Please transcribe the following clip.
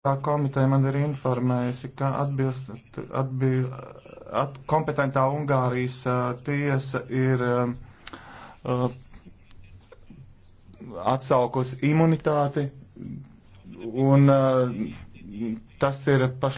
Tā komiteja man ir informējusi, ka atbilst, atbi, at, kompetentā Ungārijas uh, tiesa ir uh, atsaukusi imunitāti, un uh, tas ir pašlaik.